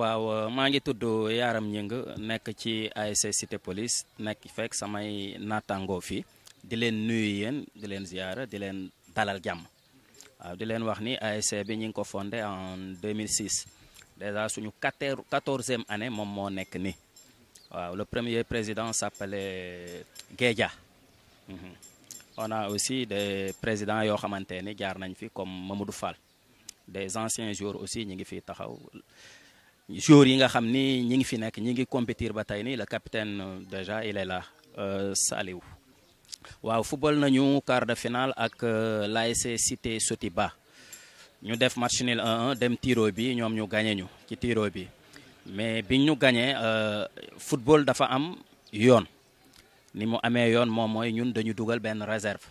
waaw maa ngi tudd Yaram Ñing nekk ci ASC Cité Police nekk fekk samay naataangoo fii di leen nuyu yéen di leen ziyaara di leen dalal jàmm waaw di leen wax ni ASC bi ñu ngi ko fonde en 2006 déjà suñu quatorzième année moom moo nekk ni waaw le premier président s'appelait Guédia mhm. on a aussi des présidents yoo xamante ni jaar nañ fi comme Mamadou Fall des anciens jours aussi ñu ngi fi taxaw joueurs yi nga xam ni ñi ngi fi nekk ñi ngi compétir ba tey nii le capitaine euh, déjà il est là euh, Saliou waaw football nañu quart de finale ak euh, l'ASC Cité ba ñu def match nul dem tiiro bi ñoom ñu gañe ñu ci tiro bi mais bi ñu gagné football dafa am yoon ni mu amee yoon moom mooy ñun dañu dugal benn réserve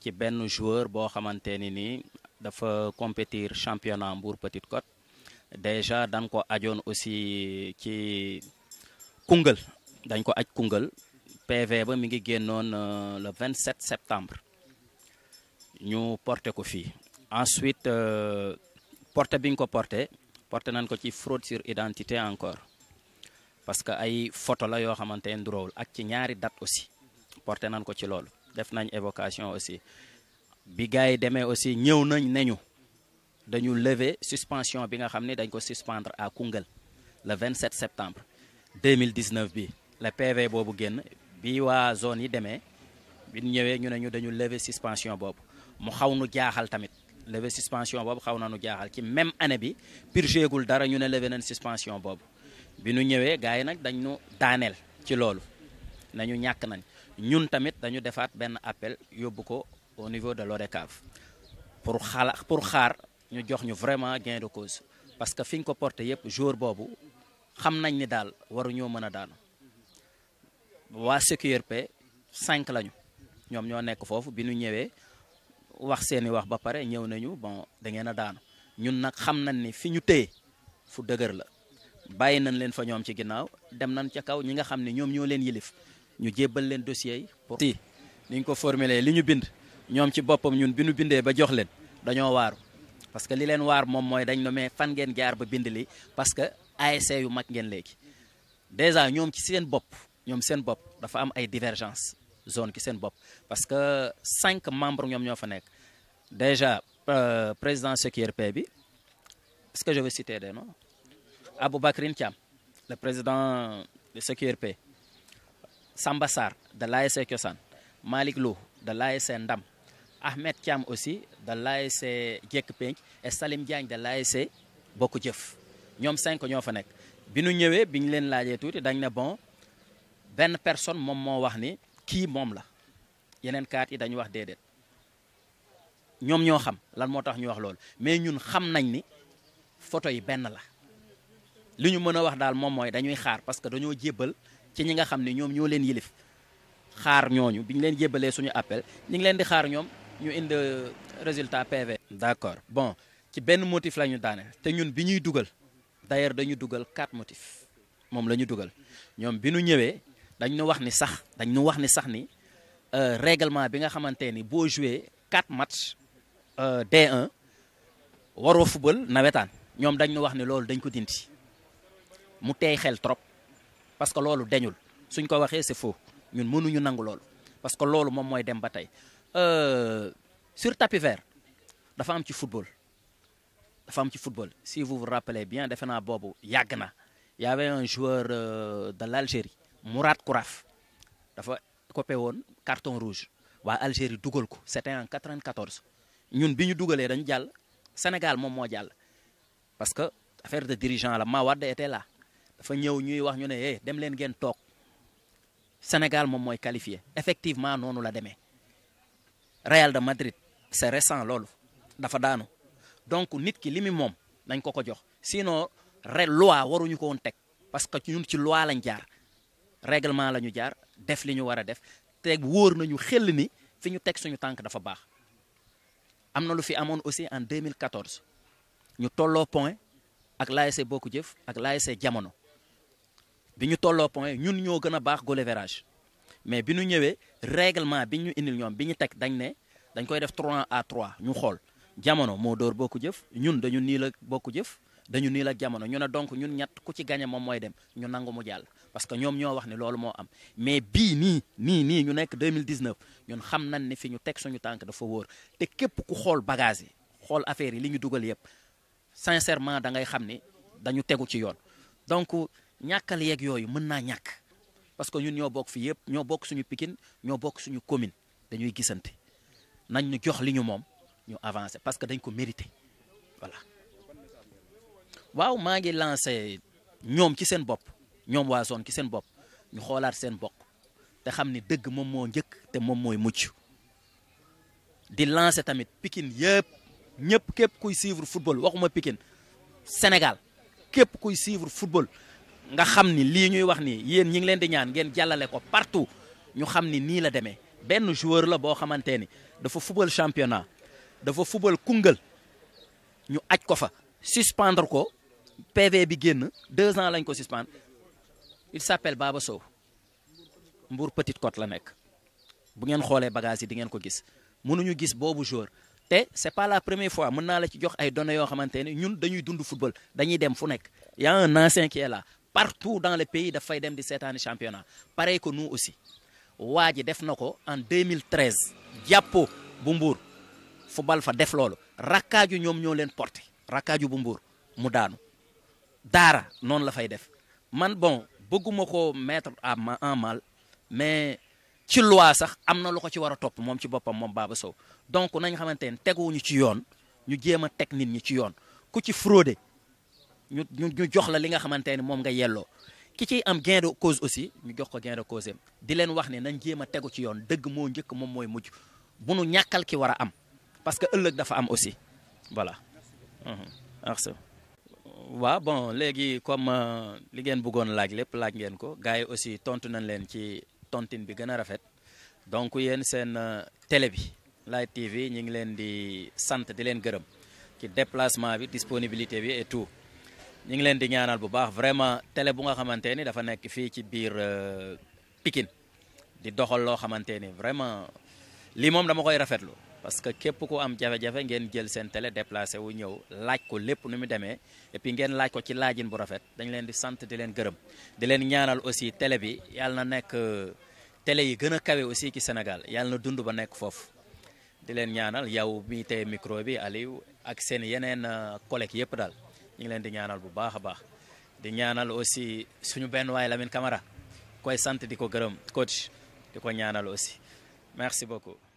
ci benn joueur boo xamante ni nii dafa competir championnat Mbour Petite Côte déjà dañ ko ajoon aussi ci Koungheul dañ ko aj Koungheul PV ba mi ngi génnoon euh, le 27 septembre ñu porté ko fii ensuite euh, porté bi ñu ko porté porté nañ ko ci fraude sur identité encore parce que ay photo la yoo xamante ne ak ci ñaari date aussi porté nañ ko ci loolu def nañ évocation aussi bi gars yi demee aussi ñëw nañ neñu dañu lever suspension bi nga xam ne dañ ko suspendre à Koungheul le 27 septembre 2019 bi le PV boobu génn bi waa zone yi demee bi ñëwee ñu ne ñu dañu lever suspension boobu mu xaw nu jaaxal tamit lever suspension boobu xaw na nu jaaxal ci même année bi purgégul dara ñu ne lever nañ suspension boobu bi nu ñëwee gars yi nag dañ nu daaneel ci loolu nañu ñàkk nañ ñun tamit dañu defaat benn appel yóbbu ko au niveau de l'ODCAV pour pour xaar ñu jox ñu vraiment gain de cause parce que fi ñu ko porté yëpp jour boobu xam nañ ni daal waruñoo mën a daanu waa sécurité pe cinq lañu ñoom ñoo nekk foofu bi nu ñëwee wax seeni wax ba pare ñëw nañu bon da ngeen a daanu ñun nag xam nañ ni fi ñu téye fu dëgër la bàyyi nañ leen fa ñoom ci ginnaaw dem nañ ca kaw ñi nga xam ne ñoom ñoo leen yilif ñu jébbal leen dossier yi pour. ni ñu ko formuler li ñu bind ñoom ci boppam ñun bi ñu bindee ba jox leen parce que li leen waar moom mooy dañ ne mais fan ngeen jaar ba bind li parce que ASC yu mag ngeen léegi déjà ñoom ci seen bopp ñoom seen bopp dafa am ay divergence zone ci seen bopp parce que cinq membres ñoom ñoo fa nekk déjà euh, président CQRP bi est-ce que je vais citer des noms Aboubacrine le président de CQRP Samba Sarr de l'ASC Kiosan Malick Lo de l'ASC Ndam Ahmed Thiam aussi da l'ASC Jekk Penc et Salim Diagne de l'ASC Bokk Jëf ñoom cinq ñoo fa nekk bi nu ñëwee bi ñu leen laajee tuuti dañ ne bon benn personne moom moo wax ni kii moom la yeneen kaat yi dañu wax déedéet ñoom ñoo xam lan moo tax ñu wax loolu mais ñun xam nañ ni photo yi benn la lu ñu mën a wax daal moom mooy dañuy xaar parce que dañoo jébbal ci ñi nga xam ne ñoom ñoo leen yilif xaar ñooñu bi ñu leen jébbalee suñu appel ñu leen di xaar ñoom ñu indi résultat PV. d' accord bon ci benn motif la ñu daaneel te ñun bi ñuy dugal d' ailleurs dañu dugal quatre motifs moom la ñu dugal ñoom bi ñu ñëwee dañ ñu wax ni sax dañ ñu wax ni sax ni euh, règlement bi nga xamante ni boo joué quatre matchs euh, d en waroo football nawetaan ñoom dañ ñu wax ni loolu dañ ko dindi mu tey xel trop parce que loolu deñul suñ ko waxee c' est faux ñun mënuñu nangu loolu parce que loolu moom mooy dem ba tey. Euh, sur tapis vert dafa am ci football dafa am ci football si vous vous rappelez bien defe naa boobu yàgg na y avait un joueur euh, de l'Algérie Mourad Kouraf dafa coppe woon carton rouge waa Algérie dugal ko c'était en 94 ñun bi ñu dugalee dañu jàll Sénégal moom moo jàll parce que affaire de dirigeant la Mawade était là dafa ñëw ñuy wax ñu ne eh dem leen ngeen toog Sénégal moom mooy qualifié effectivement noonu la demee. Real de Madrid c'est récent loolu dafa daanu donc nit ki li mu moom nañ ko ko jox sinon re loi waruñu ko woon teg parce que ñun ci loi lañ jaar réglement la ñu jaar def li ñu war a def te wóor nañu xel ni fi ñu teg suñu tànk dafa baax am na lu fi amoon aussi en 2014 ñu tolloo point ak l'ASC Bokku Jëf ak l'ASC Jamono bi ñu tolloo point ñun ñoo gën a baax goal mais bi nu ñëwee règlement bi ñu indil ñoom bi ñu teg dañ ne dañ koy def 3 à 3 ñu xool jamono moo dóor bokku jëf ñun dañu nii la bokku jëf dañu nii la jamono ñu ne donc ñun ñett ku ci gagné moom mooy dem ñu nangu mu jàll parce que ñoom ñoo wax ne loolu moo am mais bii nii nii ñu nekk 2019 ñun xam nañ ne fi ñu teg suñu tànk dafa wóor te képp ku xool bagage yi xool affaire yi li ñu dugal yëpp sincèrement da ngay xam ne dañu tegu ci yoon donc ñàkkal yeeg yooyu mën naa ñàkk parce que ñun ñoo bokk fii yëpp ñoo bokk suñu pikin ñoo bokk suñu commune dañuy gisante nañ ñu jox li moom ñu avancer parce que dañ ko mérité voilà. waaw maa ngi lancé ñoom ci seen bopp ñoom waasoon ci seen bopp ñu xoolaat seen bokk te xam ni dëgg moom moo njëkk te moom mooy mucc di lancé tamit Pikine yëpp ñëpp képp kuy suivre football waxuma pikin Sénégal képp kuy suivre football. nga xam ni lii ñuy wax nii yéen ñi ngi leen di ñaan ngeen jàllale ko partout ñu xam ni nii la demee benn joueur la boo xamante ni dafa fubal championnat dafa fubal Koungheul ñu aj ko fa suspendre ko PV bi génn deux ans lañ ko suspendre il s'appelle Baba Sow Mbour Petite Côte la nekk bu ngeen xoolee bagages yi di ngeen ko gis mun mënuñu gis boobu joueur te c'est pas la première fois mën naa la ci jox ay données yoo xamante ne ñun dañuy dund football dañuy dem fu nekk y a un ancien partout dans le pays daf fay dem di seetaani championnat pareil ko nu aussi waa ji def na ko en 2013 jàppo bu mbuur football fa def loolu rakkaaju ñoom ñoo leen porté rakkaaju bu mbuur mu daanu daara noonu la fay def man bon bëgguma ko mettre à en mal mais ci loi sax am na lu ko ci war a topp moom ci boppam moom Baba Sow donc nañ xamante ne teguwuñu ci yoon ñu jéem a teg nit ñu ci yoon ku ci frauder ñu ñu jox la li nga xamante ne moom nga yelloo ki ciy am gain de cause aussi ñu jox ko gain de di leen wax ne nañ jéem a tegu ci yoon dëgg moo njëkk moom mooy mujj bu nu ñàkkal ki war am parce que ëllëg dafa am aussi voilà. Mhm. merci. waa bon léegi comme euh, li ngeen bëggoon laaj lépp laaj ngeen ko gars yi aussi tontu nañ leen ci tontine bi gën a rafet donc yéen seen euh, télé bi Light TV ñu ngi leen di sant di leen gërëm ci déplacement bi disponibilité bi et tout. ñu ngi leen di ñaanal bu baax vraiment télé bu nga xamante ni dafa nekk fii ci biir euh, Pikine di doxal loo xamante ni vraiment lii moom dama koy rafetlu parce que képp ku am jafe-jafe ngeen jël seen télé déplacé wu ñëw laaj ko lépp nu mu demee et ngeen laaj ko ci laajin bu rafet dañ leen di sant di leen gërëm di leen ñaanal aussi télé bi yàlla na nekk euh, télé yi gën a kawe aussi ci Sénégal yàlla dund ba nekk foofu di leen ñaanal yow mi te micro bi Aliou ak seen yeneen euh, collègue yëpp daal ñu ngi leen di ñaanal bu baax a baax di ñaanal aussi suñu benn waay Lamine kamara koy sant di ko gërëm coach di ko ñaanal aussi merci beaucoup